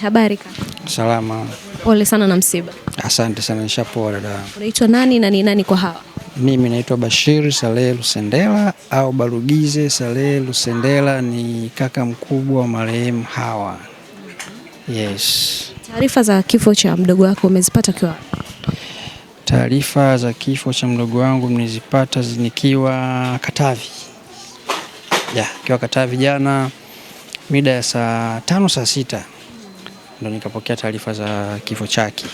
Habari kaka. Salama. Pole sana na msiba. Asante sana, nishapoa dada. Unaitwa nani na ni nani kwa hawa? Mimi naitwa Bashir Saleh Lusendela au Barugize Saleh Lusendela, ni kaka mkubwa wa marehemu Hawa. Yes. Taarifa za kifo cha mdogo wako umezipata kwa? Taarifa za kifo cha mdogo wangu mnizipata nikiwa Katavi. Ya, yeah, kiwa Katavi jana mida ya saa tano saa sita ndo nikapokea taarifa za kifo chake.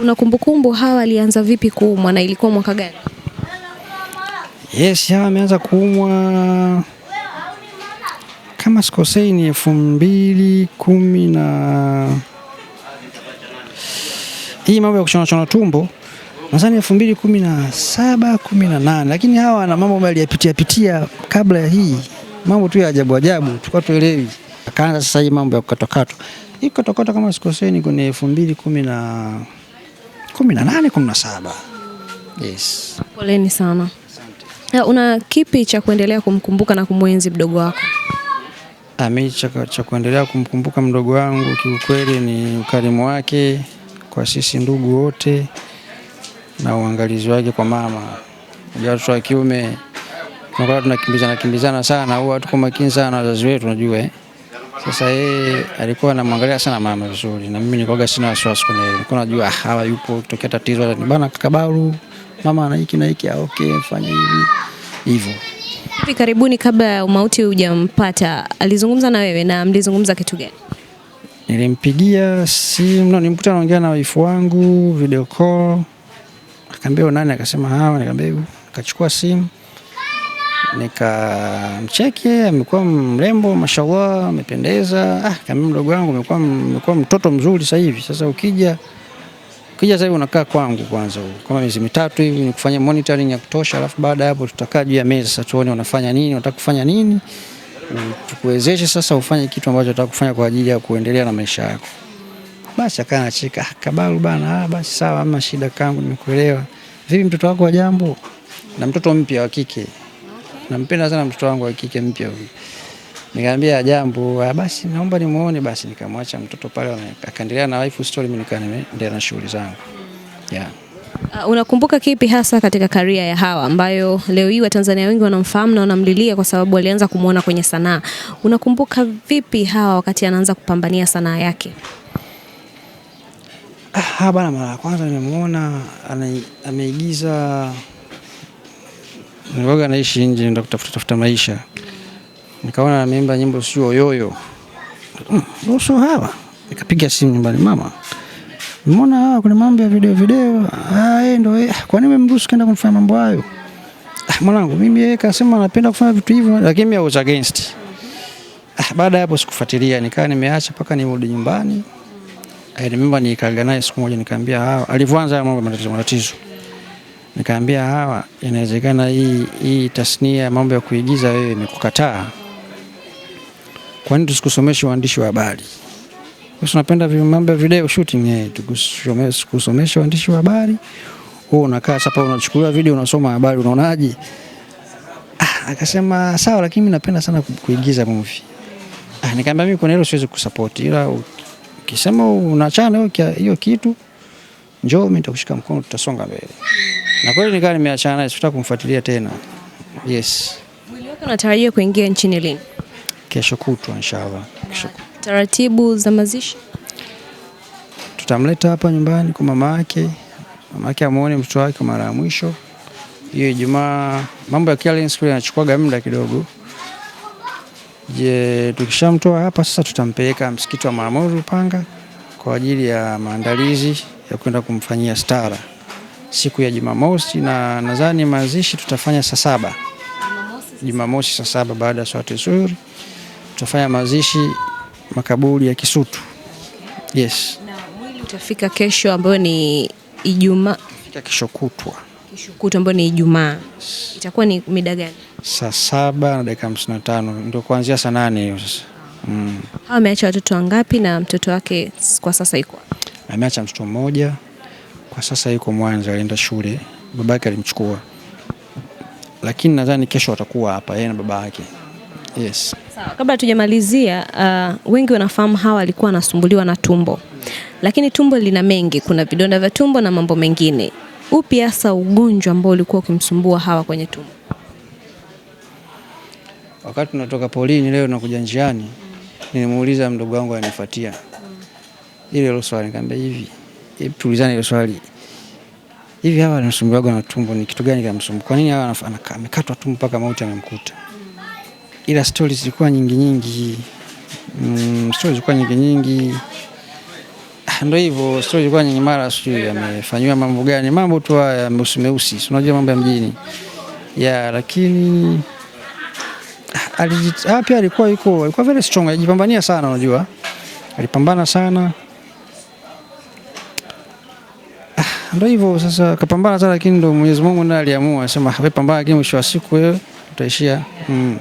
Una kumbukumbu hawa alianza vipi kuumwa na ilikuwa mwaka gani? Yes, hawa ameanza kuumwa kama sikosei ni elfu mbili kumi na hii mambo ya kuchonachona tumbo nadhani elfu mbili kumi na saba kumi na nane lakini hawa na mambo aliyapitia pitia kabla ya hii mambo tu ya ajabu ajabu, tulikuwa tuelewi. Akaanza sasa hii mambo ya kukatwakatwa hii Kotokota kama sikosei ni kwenye elfu mbili kumi na kumi na nane kumi na saba. Yes. Poleni sana. Ya, eh, Una kipi cha kuendelea kumkumbuka na kumwenzi mdogo wako? Mimi ah, cha, cha kuendelea kumkumbuka mdogo wangu kiukweli ni ukarimu wake kwa sisi ndugu wote na uangalizi wake kwa mama. Watoto wa kiume tunakuwa tunakimbizana kimbizana sana, huwa tuko makini sana wazazi wetu, unajua eh? Sasa yeye alikuwa anamwangalia sana mama vizuri, na mimi nilikuwa sina wasiwasi kwenye hilo, nilikuwa najua ah, hawa yupo, tokea tatizo bana, kakabaru mama ana hiki na hiki, ah, okay, fanya hivi hivyo. Hivi karibuni kabla ya umauti hujampata, alizungumza na wewe na mlizungumza kitu gani? Nilimpigia simu na nimkuta anaongea na waifu wangu video call, akaambia nani, akasema hawa, nikamwambia, akachukua simu nikamcheki, amekuwa mrembo, mashallah, amependeza. Ah, kama mdogo wangu amekuwa amekuwa mtoto mzuri sasa hivi. Sasa ukija ukija sasa hivi unakaa kwangu kwanza, kama miezi mitatu hivi nikufanya monitoring ya kutosha, alafu baada ya hapo tutakaa juu ya meza sasa, tuone unafanya nini, unataka kufanya nini, tukuwezeshe sasa ufanye kitu ambacho unataka kufanya kwa ajili ya kuendelea na maisha yako. Basi akaa anacheka, ah, kabalu bana, ah, basi sawa, ama shida kangu, nimekuelewa. Vipi mtoto wako wa jambo? Na mtoto mpya wa kike nampenda sana mtoto wangu wa kike mpya huyu. Nikamwambia jambo, ah, basi naomba nimuone basi, nikamwacha mtoto pale, akaendelea na life story, mimi nikaendelea na shughuli zangu. Yeah. Uh, unakumbuka kipi hasa katika karia ya Hawa ambayo leo hii Watanzania wengi wanamfahamu na wanamlilia kwa sababu walianza kumwona kwenye sanaa. Unakumbuka vipi Hawa wakati anaanza kupambania sanaa yake? Ah, bana, mara ya kwanza nimemwona ameigiza nilikuwa naishi nje, ndo kutafuta tafuta maisha, nikaona ameimba nyimbo sio yoyo mm, uso hawa, nikapiga simu nyumbani, mama Mbona hawa kuna mambo ya video video? Ah, yeye ndo yeye. Eh, kwa nini umemruhusu kwenda kumfanya mambo hayo? Ah, mwanangu mimi yeye kasema anapenda kufanya vitu hivyo lakini mimi was against. Ah, baada ya hapo sikufuatilia, nikaa nimeacha mpaka nirudi nyumbani. I remember nikaaga naye siku moja nikamwambia, hawa ah, alivyoanza mambo matatizo matatizo. Nikaambia hawa, inawezekana hii hii tasnia mambo ya kuigiza wewe imekukataa, kwani tusikusomeshe uandishi wa habari? Unapenda mambo ya video shooting eh, tukusomeshe uandishi wa habari? Wewe unakaa sasa unachukua video unasoma habari, unaonaje? Ah, akasema sawa, lakini mimi napenda sana kuigiza movie. Ah, nikaambia mimi kuna hilo siwezi kusupport, ila ukisema unachana hiyo kitu, njoo mimi nitakushika mkono, tutasonga mbele na kweli nikawa nimeachana naye, sikutaka kumfuatilia tena. Yes. Mwili wako unatarajia kuingia nchini lini? Kesho kutwa inshallah. Kesho Taratibu za mazishi tutamleta hapa nyumbani kwa mama yake, mama yake amuone mtoto wake mara ya mwisho hiyo Ijumaa. Mambo ya clearance kule yanachukuaga muda kidogo. Je, tukishamtoa hapa sasa, tutampeleka msikiti wa Maamuru Panga kwa ajili ya maandalizi ya kwenda kumfanyia stara siku ya Jumamosi, na nadhani mazishi tutafanya saa saba Jumamosi saa saba baada ya swala zuhuri tutafanya mazishi makaburi ya Kisutu. Yes. Na mwili utafika kesho ambayo ni Ijumaa, kesho kutwa, kutwa ambayo ni Ijumaa. Itakuwa ni mida gani? Saa saba na dakika 55 ndio kuanzia saa nane hiyo sasa. Mm. Ameacha watoto wangapi na mtoto wake kwa sasa iko? Ameacha mtoto mmoja. Kwa sasa yuko Mwanza, alienda shule, babake alimchukua, lakini nadhani kesho atakuwa hapa yeye na baba yake. Yes. Sawa, kabla tujamalizia, uh, wengi wanafahamu Hawa alikuwa anasumbuliwa na tumbo, lakini tumbo lina mengi, kuna vidonda vya tumbo na mambo mengine. Upi hasa ugonjwa ambao ulikuwa ukimsumbua Hawa kwenye tumbo? Wakati tunatoka polini leo nakuja njiani, nilimuuliza mdogo wangu anifuatia ile swali, nikamwambia hivi Eh, tulizane hilo swali. Hivi hawa wanasumbuaga na tumbo, ni kitu gani kinamsumbua? Kwa nini hawa amekatwa tumbo mpaka mauti amemkuta? Ila stories zilikuwa nyingi nyingi, mm, stories zilikuwa nyingi nyingi, ah, ndio hivyo, stories zilikuwa nyingi. Mara sio amefanyiwa mambo gani, mambo tu haya meusi meusi, unajua mambo ya mjini ya, lakini ah, ah, pia alikuwa yuko alikuwa very strong, alijipambania sana, unajua alipambana sana Ndio hivyo sasa, kapambana sana, lakini ndio Mwenyezi Mungu ndiye aliamua, sema hapa pambana, lakini mwisho wa siku wewe utaishia mm.